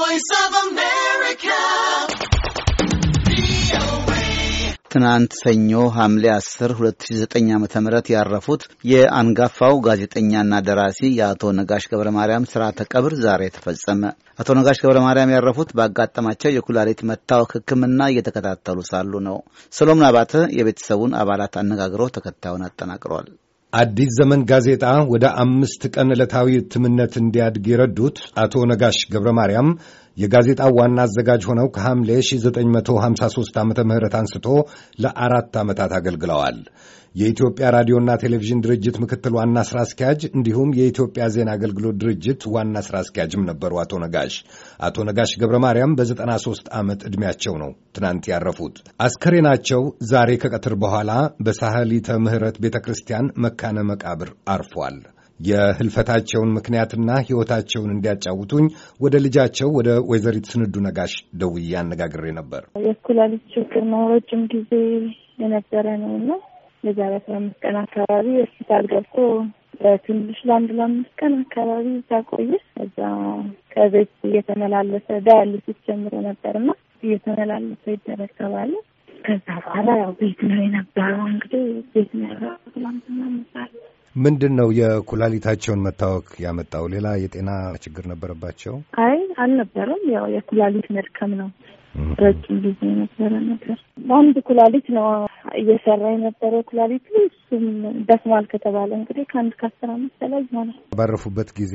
ቮይስ ኦፍ አሜሪካ ትናንት ሰኞ ሐምሌ 10 2009 ዓ.ም ያረፉት የአንጋፋው ጋዜጠኛና ደራሲ የአቶ ነጋሽ ገብረ ማርያም ስርዓተ ቀብር ዛሬ ተፈጸመ። አቶ ነጋሽ ገብረ ማርያም ያረፉት ባጋጠማቸው የኩላሊት መታወክ ሕክምና እየተከታተሉ ሳሉ ነው። ሰሎሞን አባተ የቤተሰቡን አባላት አነጋግሮ ተከታዩን አጠናቅሯል። አዲስ ዘመን ጋዜጣ ወደ አምስት ቀን ዕለታዊ እትምነት እንዲያድግ የረዱት አቶ ነጋሽ ገብረ ማርያም የጋዜጣው ዋና አዘጋጅ ሆነው ከሐምሌ 1953 ዓ ም አንስቶ ለአራት ዓመታት አገልግለዋል። የኢትዮጵያ ራዲዮና ቴሌቪዥን ድርጅት ምክትል ዋና ሥራ አስኪያጅ እንዲሁም የኢትዮጵያ ዜና አገልግሎት ድርጅት ዋና ሥራ አስኪያጅም ነበሩ አቶ ነጋሽ። አቶ ነጋሽ ገብረ ማርያም በ93 ዓመት ዕድሜያቸው ነው ትናንት ያረፉት። አስከሬናቸው ዛሬ ከቀትር በኋላ በሳህሊተ ምሕረት ቤተ ክርስቲያን መካነ መቃብር አርፏል። የህልፈታቸውን ምክንያትና ህይወታቸውን እንዲያጫውቱኝ ወደ ልጃቸው ወደ ወይዘሪት ስንዱ ነጋሽ ደውዬ አነጋግሬ ነበር። የኩላሊት ችግር ነው፣ ረጅም ጊዜ የነበረ ነው እና የዛሬ አስራ አምስት ቀን አካባቢ ሆስፒታል ገብቶ ትንሽ ለአንድ ለአምስት ቀን አካባቢ እዛ ቆየ። እዛ ከቤት እየተመላለሰ ዳያሊሲስ ጀምሮ ነበር ነበርና እየተመላለሰ ይደረግ ተባለ። ከዛ በኋላ ያው ቤት ነው የነበረው እንግዲህ ቤት ነው ያለው ትላንትና ምሳሌ ምንድን ነው የኩላሊታቸውን መታወክ ያመጣው? ሌላ የጤና ችግር ነበረባቸው? አይ አልነበረም። ያው የኩላሊት መድከም ነው። ረጅም ጊዜ የነበረ ነገር በአንድ ኩላሊት ነው እየሰራ የነበረው ኩላሊቱ። እሱም ደክሟል ከተባለ እንግዲህ ከአንድ ከአስር አመት በላይ ይሆናል። ባረፉበት ጊዜ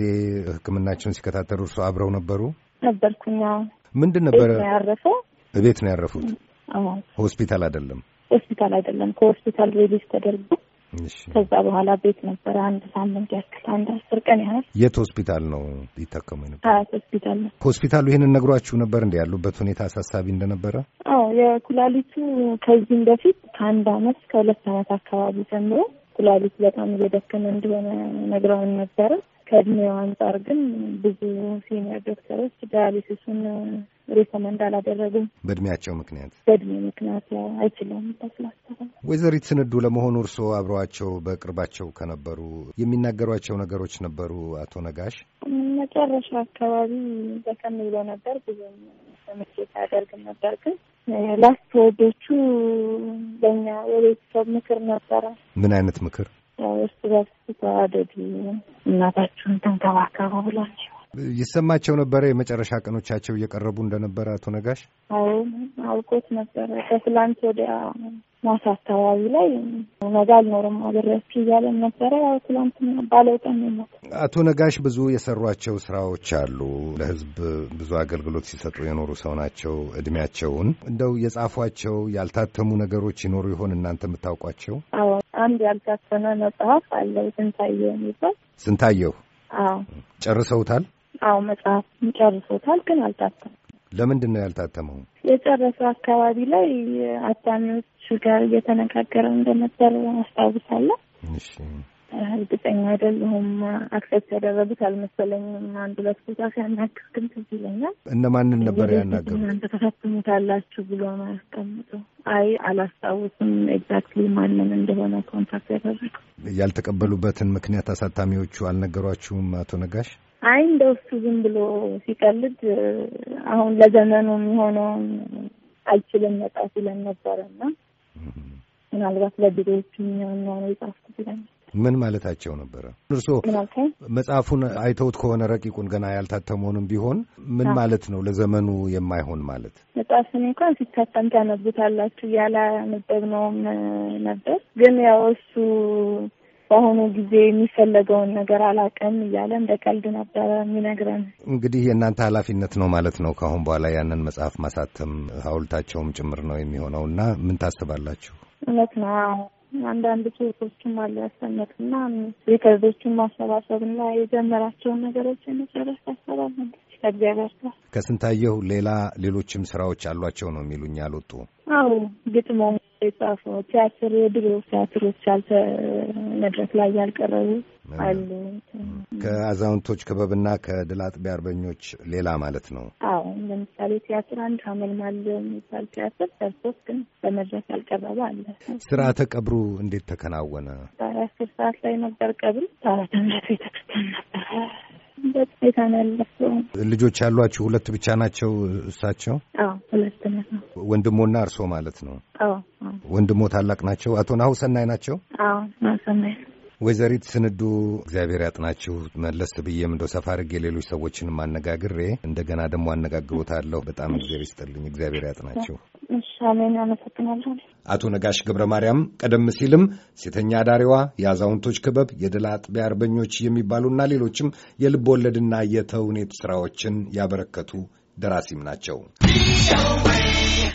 ሕክምናቸውን ሲከታተሉ እርሱ አብረው ነበሩ? ነበርኩኛ። ምንድን ነበረ ያረፈው? ቤት ነው ያረፉት። ሆስፒታል አይደለም። ሆስፒታል አይደለም። ከሆስፒታል ሬዲስ ተደርጎ ከዛ በኋላ ቤት ነበረ አንድ ሳምንት ያክል አንድ አስር ቀን ያህል። የት ሆስፒታል ነው ይታከሙ ነበር? ሀያት ሆስፒታል ነው። ሆስፒታሉ ይህንን ነግሯችሁ ነበር እንዲ ያሉበት ሁኔታ አሳሳቢ እንደነበረ? አዎ የኩላሊቱ ከዚህም በፊት ከአንድ አመት ከሁለት አመት አካባቢ ጀምሮ ኩላሊቱ በጣም እየደከመ እንደሆነ ነግረውን ነበረ። ከእድሜው አንጻር ግን ብዙ ሲኒየር ዶክተሮች ዳያሊሲሱን ሪኮመንድ አላደረጉም። በእድሜያቸው ምክንያት በእድሜ ምክንያት ያው አይችለውም ይመስላቸዋል። ወይዘሪት ስንዱ ለመሆኑ እርስዎ አብረዋቸው በቅርባቸው ከነበሩ የሚናገሯቸው ነገሮች ነበሩ? አቶ ነጋሽ መጨረሻ አካባቢ በቀን ብሎ ነበር ብዙም ምክት አያደርግም ነበር ግን ላስት ወዶቹ ለእኛ የቤተሰብ ምክር ነበረ። ምን አይነት ምክር? ያው እርስ በርስ ተዋደዱ፣ እናታችሁን ተንከባከቡ ብሏቸው ይሰማቸው ነበረ። የመጨረሻ ቀኖቻቸው እየቀረቡ እንደነበረ አቶ ነጋሽ አውቆት ነበረ። ከትላንት ወዲያ ማሳ አካባቢ ላይ ነጋ አልኖርም አብሬያችሁ እያለን ነበረ። ያው ትላንት ባለው ቀን ነው። አቶ ነጋሽ ብዙ የሰሯቸው ስራዎች አሉ። ለህዝብ ብዙ አገልግሎት ሲሰጡ የኖሩ ሰው ናቸው። እድሜያቸውን እንደው የጻፏቸው ያልታተሙ ነገሮች ይኖሩ ይሆን እናንተ የምታውቋቸው? አዎ አንድ ያልታተመ መጽሐፍ አለው ስንታየው የሚባል ስንታየው አዎ ጨርሰውታል። አዎ መጽሐፍ ጨርሰውታል፣ ግን አልታተመም። ለምንድን ነው ያልታተመው? የጨረሰው አካባቢ ላይ አታሚዎች ጋር እየተነጋገረ እንደነበር አስታውሳለሁ። እርግጠኛ አይደለሁም። አክሰፕት ያደረጉት አልመሰለኝም። አንድ ሁለት ቦታ ሲያናግር ትዝ ይለኛል። እነማንን ነበር ያናገሩ? እናንተ ተፈትሙታላችሁ ብሎ ነው ያስቀምጠው። አይ አላስታውስም፣ ኤግዛክትሊ ማንም እንደሆነ ኮንታክት ያደረጉ። ያልተቀበሉበትን ምክንያት አሳታሚዎቹ አልነገሯችሁም? አቶ ነጋሽ አይ እንደ እሱ ዝም ብሎ ሲቀልድ አሁን ለዘመኑ የሚሆነውን አልችልም ሲለን ነበረ ነበረና ምናልባት ለድሮዎቹ የሚሆን ነው የጻፍኩት ይለኛል ምን ማለታቸው ነበረ? እርስዎ መጽሐፉን አይተውት ከሆነ ረቂቁን ገና ያልታተመውንም ቢሆን ምን ማለት ነው ለዘመኑ የማይሆን ማለት? መጽሐፍን እንኳን ሲታተም ታነቡታላችሁ ያላነበብነውም ነበር። ግን ያው እሱ በአሁኑ ጊዜ የሚፈለገውን ነገር አላቀም እያለ እንደ ቀልድ ነበረ የሚነግረን። እንግዲህ የእናንተ ኃላፊነት ነው ማለት ነው ከአሁን በኋላ ያንን መጽሐፍ ማሳተም ሀውልታቸውም ጭምር ነው የሚሆነው እና ምን ታስባላችሁ? እውነት ነው አንዳንድ ጽሁፎችም አሉ ያስቀመጥና ሪከርዶችን ማሰባሰብና የጀመራቸውን ነገሮች የመጨረስ ያሰባል። ከእግዚአብሔር ጋር ከስንታየሁ ሌላ ሌሎችም ስራዎች አሏቸው ነው የሚሉኝ ያልወጡ? አዎ ግጥሞ የጻፉ ቲያትር፣ የድሮ ቲያትሮች መድረክ ላይ ያልቀረቡ አሉ። ከአዛውንቶች ክበብና ከድል አጥቢያ አርበኞች ሌላ ማለት ነው። አዎ ለምሳሌ ቲያትር አንድ ሀመልማል የሚባል ቲያትር ሰርቶስ ግን በመድረክ ያልቀረበ አለ። ስርዓተ ቀብሩ እንዴት ተከናወነ? አስር ሰዓት ላይ ነበር ቀብር ሰዓት ምረት ቤተክርስቲያን ነበረ። ልጆች ያሏችሁ ሁለት ብቻ ናቸው? እሳቸው ሁለት ነው። ወንድሞና እርሶ ማለት ነው? ወንድሞ ታላቅ ናቸው። አቶ ናሁሰናይ ናቸው? ናሁሰናይ ወይዘሪት ስንዱ እግዚአብሔር ያጥናችሁ። መለስ ብዬም እንደው ሰፋ አድርጌ ሌሎች ሰዎችንም አነጋግሬ እንደገና ደግሞ አነጋግሮታለሁ። በጣም እግዚአብሔር ይስጥልኝ። እግዚአብሔር ያጥናችሁ። አሜን። አመሰግናለሁ። አቶ ነጋሽ ገብረ ማርያም ቀደም ሲልም ሴተኛ አዳሪዋ፣ የአዛውንቶች ክበብ፣ የድል አጥቢያ አርበኞች የሚባሉና ሌሎችም የልብ ወለድና የተውኔት ስራዎችን ያበረከቱ ደራሲም ናቸው።